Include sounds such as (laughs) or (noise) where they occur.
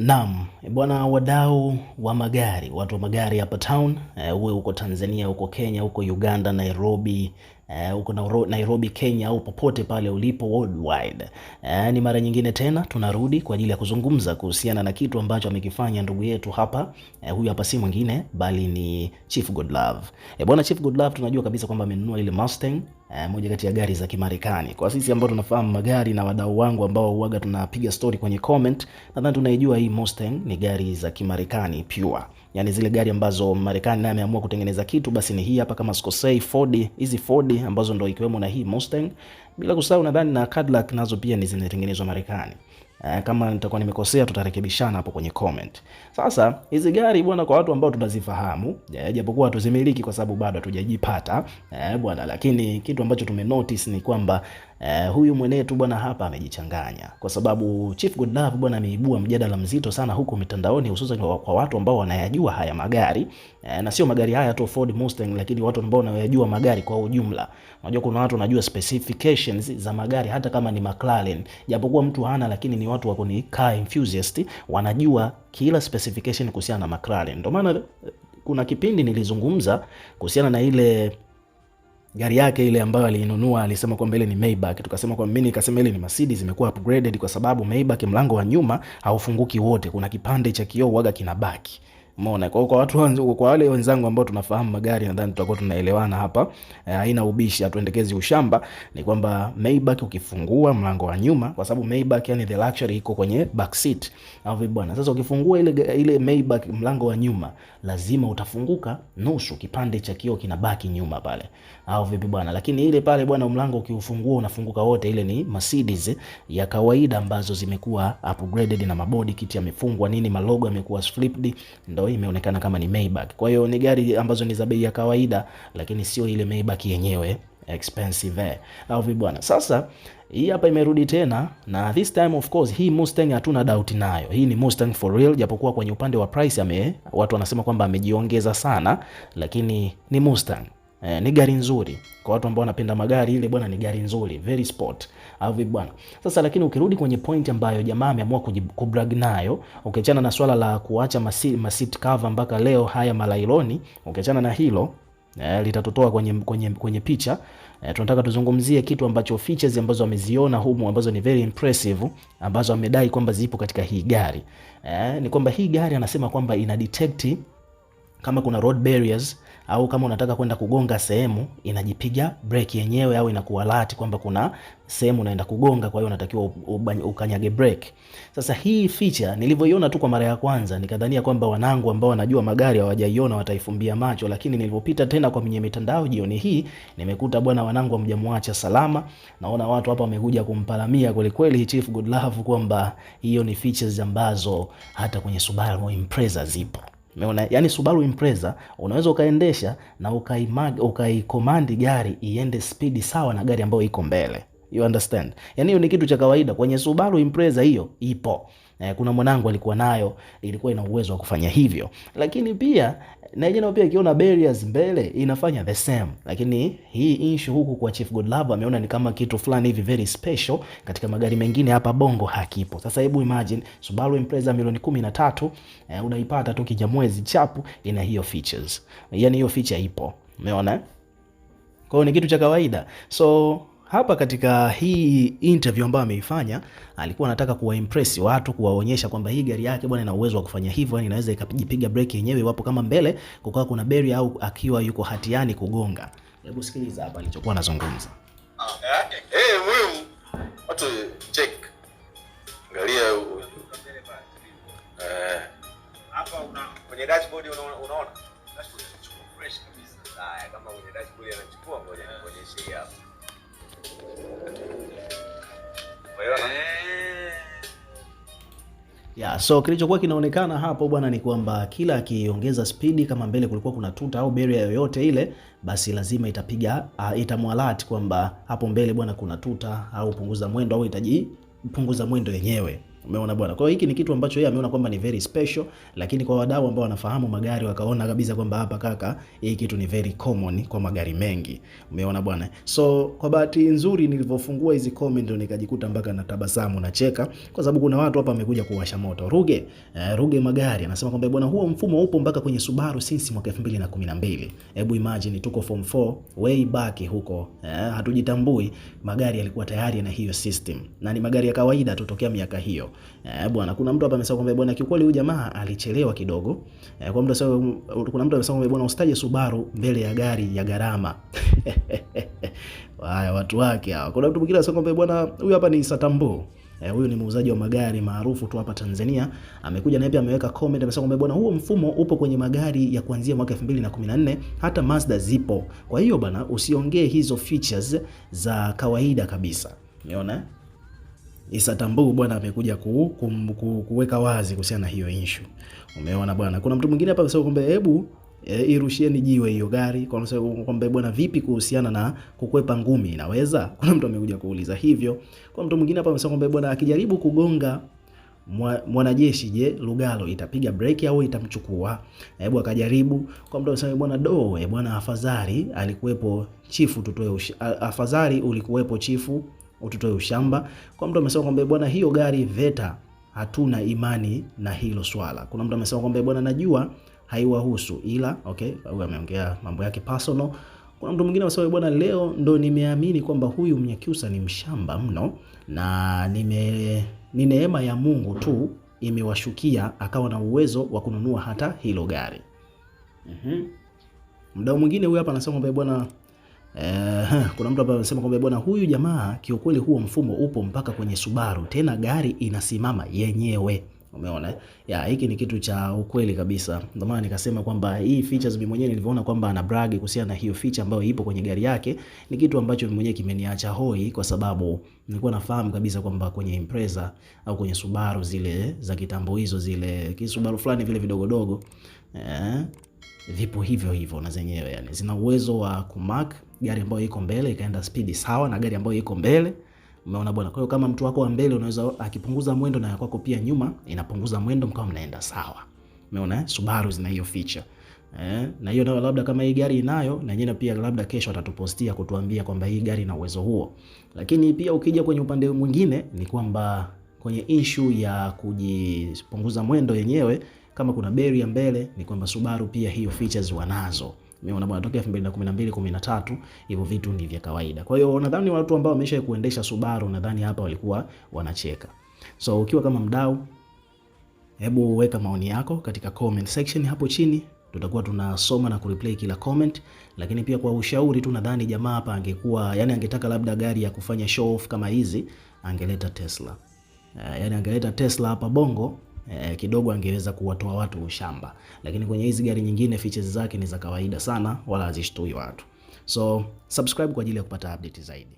Naam, bwana, wadau wa magari, watu wa magari hapa town, eh, uwe huko Tanzania, huko Kenya, huko Uganda, Nairobi, huko eh, Nairobi Kenya, au popote pale ulipo worldwide. Eh, ni mara nyingine tena tunarudi kwa ajili ya kuzungumza kuhusiana na kitu ambacho amekifanya ndugu yetu hapa. Huyu hapa si mwingine bali ni Chief Godlove. Bwana Chief Godlove tunajua kabisa kwamba amenunua ile Mustang eh, moja kati ya gari za Kimarekani. Kwa sisi ambao tunafahamu magari na wadau wangu ambao huaga tunapiga story kwenye comment, nadhani tunaijua hii Mustang ni gari za Kimarekani pure. Yaani zile gari ambazo Marekani naye ameamua kutengeneza kitu basi ni hii hapa, kama sikosei, Ford, hizi Ford ambazo ndo ikiwemo na hii Mustang, bila kusahau nadhani na Cadillac nazo pia ni zinatengenezwa Marekani. Eh, kama nitakuwa nimekosea tutarekebishana hapo kwenye comment. Sasa hizi gari bwana, kwa watu ambao tunazifahamu, eh, japokuwa hatuzimiliki kwa sababu bado hatujajipata eh, bwana, lakini kitu ambacho tumenotice ni kwamba Eh, huyu mwenetu bwana hapa amejichanganya kwa sababu Chief Godlove bwana ameibua mjadala mzito sana huko mitandaoni hususan kwa watu ambao wanayajua haya magari eh, na sio magari haya tu Ford Mustang, lakini watu ambao wanayajua magari kwa ujumla. Unajua kuna watu wanajua specifications za magari hata kama ni McLaren, japokuwa mtu hana, lakini ni watu wako ni car enthusiast, wanajua kila specification kuhusiana na McLaren. Ndio maana eh, kuna kipindi nilizungumza kuhusiana na ile gari yake ile ambayo aliinunua alisema kwamba ile ni Maybach. Tukasema kwamba mimi nikasema ile ni Mercedes, imekuwa upgraded kwa sababu Maybach mlango wa nyuma haufunguki wote, kuna kipande cha kioo waga kinabaki. Umeona, kwa kwa watu wangu, kwa wale wenzangu ambao tunafahamu magari, nadhani tutakuwa tunaelewana hapa. Eh, haina e, ubishi, atuendekezi ushamba. Ni kwamba Maybach ukifungua mlango wa nyuma, kwa sababu Maybach yani the luxury iko kwenye back seat au vipi bwana. Sasa ukifungua ile ile Maybach mlango wa nyuma, lazima utafunguka nusu, kipande cha kioo kinabaki nyuma pale, au vipi bwana? Lakini ile pale bwana, mlango ukiufungua unafunguka wote. Ile ni Mercedes ya kawaida ambazo zimekuwa upgraded na mabodi kiti yamefungwa nini, malogo yamekuwa flipped ndio imeonekana kama ni Maybach. Kwa hiyo ni gari ambazo ni za bei ya kawaida, lakini sio ile Maybach yenyewe expensive eh, au bwana. Sasa hii hapa imerudi tena na this time of course, hii Mustang hatuna doubt nayo. Hii ni Mustang for real, japokuwa kwenye upande wa price ame, watu wanasema kwamba amejiongeza sana, lakini ni Mustang. Eh, ni gari nzuri kwa watu ambao wanapenda magari, ile bwana ni gari nzuri, very sport au vipi bwana. Sasa lakini ukirudi kwenye point ambayo jamaa ameamua kujibrag nayo, ukiachana na swala la kuacha masit cover mpaka leo haya malailoni, ukiachana na hilo eh, litatotoa kwenye, kwenye, kwenye picha eh, tunataka tuzungumzie kitu ambacho features ambazo ameziona humu ambazo ni very impressive ambazo amedai kwamba zipo katika hii gari eh, ni kwamba hii gari anasema kwamba ina detect kama kuna road barriers au kama unataka kwenda kugonga sehemu, inajipiga break yenyewe au inakuwa alert kwamba kuna sehemu unaenda kugonga, kwa hiyo unatakiwa ukanyage break. Sasa hii feature nilivyoiona tu kwa mara ya kwanza nikadhania kwamba wanangu ambao wanajua magari hawajaiona wataifumbia macho, lakini nilipopita tena kwa mwenye mitandao jioni hii nimekuta bwana, wanangu hamjamwacha salama. Naona watu hapa wamekuja kumpalamia kweli kweli Chief Godlove kwamba hiyo ni features ambazo hata kwenye Subaru Impreza zipo. Umeona? Yaani Subaru Impreza unaweza ukaendesha na ukaikomandi ukai gari iende spidi sawa na gari ambayo iko mbele. You understand? Yaani hiyo ni kitu cha kawaida kwenye Subaru Impreza hiyo ipo eh, kuna mwanangu alikuwa nayo, ilikuwa ina uwezo wa kufanya hivyo, lakini pia na yeye pia ikiona barriers mbele inafanya the same, lakini hii issue huku kwa Chief Godlove ameona ni kama kitu fulani hivi very special, katika magari mengine hapa Bongo hakipo. Sasa hebu imagine Subaru Impreza milioni 13 eh, unaipata tu kijamwezi chapu, ina hiyo features, yani hiyo feature ipo, umeona. Kwa hiyo ni kitu cha kawaida so hapa katika hii interview ambayo ameifanya alikuwa anataka kuwaimpress watu, kuwaonyesha kwamba hii gari yake bwana ina uwezo wa kufanya hivyo, yani inaweza ikajipiga breki yenyewe iwapo kama mbele kukawa kuna beri au akiwa yuko hatiani kugonga. Hebu sikiliza hapa alichokuwa anazungumza. Eh, muhimu watu check, angalia eh. hapa una kwenye dashboard, unaona dashboard fresh kabisa, kama kwenye dashboard anachukua, ngoja nikuonyeshe hapa ya, eh. so kilichokuwa kinaonekana hapo bwana ni kwamba kila akiongeza spidi, kama mbele kulikuwa kuna tuta au beria yoyote ile, basi lazima itapiga uh, ah, itamwalat kwamba hapo mbele bwana kuna tuta, au punguza mwendo au itajipunguza mwendo yenyewe. Umeona bwana. Kwa hiyo hiki ni kitu ambacho yeye ameona kwamba ni very special, lakini kwa wadau ambao wanafahamu magari wakaona kabisa kwamba hapa kaka, hii kitu ni very common kwa magari mengi. Umeona bwana. So kwa bahati nzuri nilivyofungua hizi comment nikajikuta mpaka natabasamu na cheka kwa sababu kuna watu hapa wamekuja kuwasha moto. Ruge, eh, Ruge magari anasema kwamba bwana huo mfumo upo mpaka kwenye Subaru since mwaka 2012. Hebu imagine tuko form 4 way back huko. Eh, hatujitambui magari yalikuwa tayari na hiyo system. Na ni magari ya kawaida tutokea miaka hiyo eh, bwana. Kuna mtu hapa amesema kwamba bwana, kiukweli huyu jamaa alichelewa kidogo eh, kwa mtu sasa. Kuna mtu amesema kwamba bwana, usitaje Subaru mbele ya gari ya gharama (laughs) haya watu wake hawa. Kuna mtu mwingine anasema kwamba bwana, huyu hapa ni Satambo eh, huyu ni muuzaji wa magari maarufu tu hapa Tanzania. Amekuja naye pia ameweka comment amesema kwamba bwana, huo mfumo upo kwenye magari ya kuanzia mwaka 2014 hata Mazda zipo. Kwa hiyo bwana, usiongee hizo features za kawaida kabisa. Umeona? Isatambuu bwana amekuja ku, ku, ku, kuweka wazi kuhusiana na hiyo issue. Umeona bwana, kuna mtu mwingine hapa akasema kwamba hebu e, irushieni jiwe hiyo gari, kwa sababu kwamba bwana, vipi kuhusiana na kukwepa ngumi inaweza? (laughs) Kuna mtu amekuja kuuliza hivyo. Kwa mtu mwingine hapa amesema kwamba bwana, akijaribu kugonga mwanajeshi je, Lugalo itapiga break au itamchukua? Hebu akajaribu kwa mtu anasema bwana do, e, bwana afadhali alikuwepo chifu tutoe, afadhali ulikuwepo chifu ututoe ushamba. Kwa mtu amesema kwamba bwana, hiyo gari VETA hatuna imani na hilo swala. Kuna mtu amesema kwamba bwana, najua haiwahusu ila okay, huyu ameongea mambo yake personal. Kuna mtu mwingine amesema bwana, leo ndo nimeamini kwamba huyu Mnyakyusa ni mshamba mno na nime ni neema ya Mungu tu imewashukia akawa na uwezo wa kununua hata hilo gari. Mhm. Mdau mwingine huyu hapa anasema kwamba bwana Uh, kuna mtu ambaye anasema kwamba bwana, huyu jamaa kiukweli, huo mfumo upo mpaka kwenye Subaru, tena gari inasimama yenyewe. Umeona eh? ya hiki ni kitu cha ukweli kabisa. Ndio maana nikasema kwamba hii features mimi mwenyewe nilivyoona kwamba ana brag kuhusiana na hiyo feature ambayo ipo kwenye gari yake, ni kitu ambacho mimi mwenyewe kimeniacha hoi, kwa sababu nilikuwa nafahamu kabisa kwamba kwenye Impreza au kwenye Subaru zile za kitambo hizo zile Subaru fulani vile vidogodogo eh, vipo hivyo hivyo na zenyewe yani, zina uwezo wa kumark gari ambayo iko mbele ikaenda spidi sawa na gari ambayo iko mbele. Umeona bwana. Kwa hiyo kama mtu wako wa mbele unaweza akipunguza mwendo na yako pia nyuma inapunguza mwendo, mkawa mnaenda sawa. Umeona, eh? Subaru zina hiyo feature eh, na hiyo nao labda kama hii gari inayo na nyingine pia, labda kesho atatupostia kutuambia kwamba hii gari ina uwezo huo. Lakini pia ukija kwenye upande mwingine ni kwamba kwenye issue ya kujipunguza mwendo yenyewe, kama kuna beri ya mbele, ni kwamba Subaru pia hiyo features wanazo. Umeona bwana, tokea 2012 13 hivyo vitu ni vya kawaida. Kwa hiyo nadhani watu ambao wamesha kuendesha Subaru nadhani hapa walikuwa wanacheka. So ukiwa kama mdau, hebu weka maoni yako katika comment section hapo chini tutakuwa tunasoma na kureplay kila comment, lakini pia kwa ushauri tu, nadhani jamaa hapa angekuwa yani, angetaka labda gari ya kufanya show off kama hizi, angeleta Tesla. Uh, eh, Yani angeleta Tesla hapa Bongo eh, kidogo angeweza kuwatoa watu ushamba, lakini kwenye hizi gari nyingine features zake ni za kawaida sana, wala hazishtui watu. So subscribe kwa ajili ya kupata update zaidi.